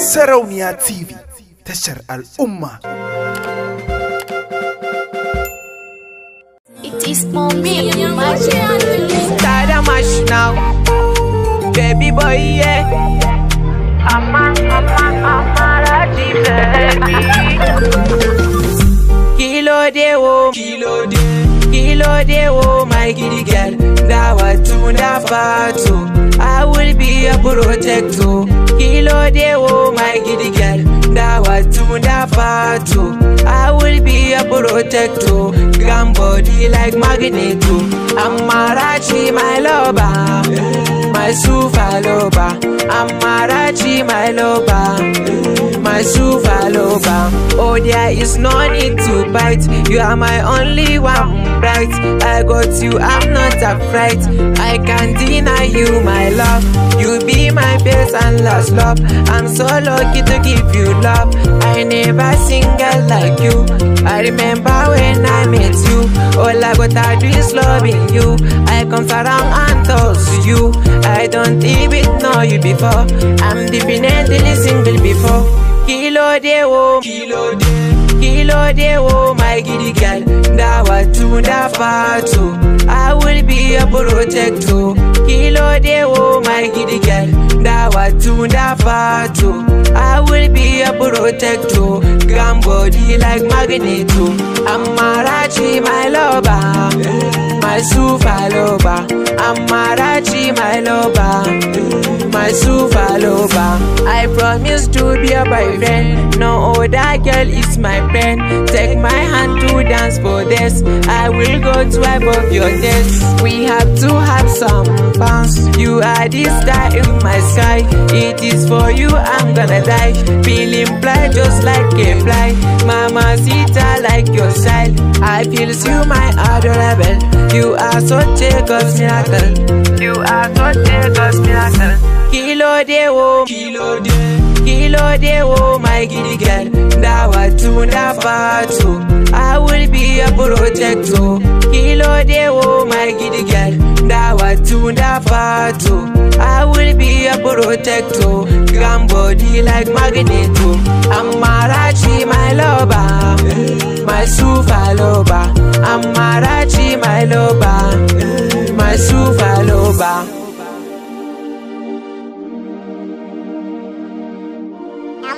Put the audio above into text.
Sarauniya TV tashar al'umma. It is for me and now, baby boy yeah. Amma amma amma raji baby. Kilo de wo, kilo de, kilo de wo my giddy girl. That was too far too. I will be a protector. Kilo de wo. my giddy girl that Ndawatunda fatu I will be a protector Gun body like magneto. I'm Marachi, my lover My sufa lover I'm Marachi, my lover My sufa lover there is no need to bite You are my only one bright I got you, I'm not afraid I can't deny you my love You be my best and last love I'm so lucky to give you love I never single like you I remember when I met you All I got I do is loving you I come around and toss you I don't even know you before I'm definitely single before Kilo de wo Kilo de lode oh my giddy girl that was too Dawa far too. I will be a protector Kilo de oh my giddy girl that was too Dawa far too. I will be a protector Gram body like magneto I'm Marachi my lover My super lover I'm Marachi my lover super lover. I promise to be your boyfriend. No other girl is my friend. Take my hand to dance for this. I will go to above your days. We have to have some bounce. You are the star in my sky. It is for you I'm gonna die. Feeling fly just like a fly. Mama, sita like your style. I feel you, my adorable are such a God's miracle. You are such a God's miracle. Kilo de wo, oh. kilo de, kilo de wo, oh, my giddy girl. Now I tune fatu. I will be a protector. Kilo de wo, oh, my giddy girl. Now I tune fatu. I will be a protector. Gambody like magneto. I'm Marachi.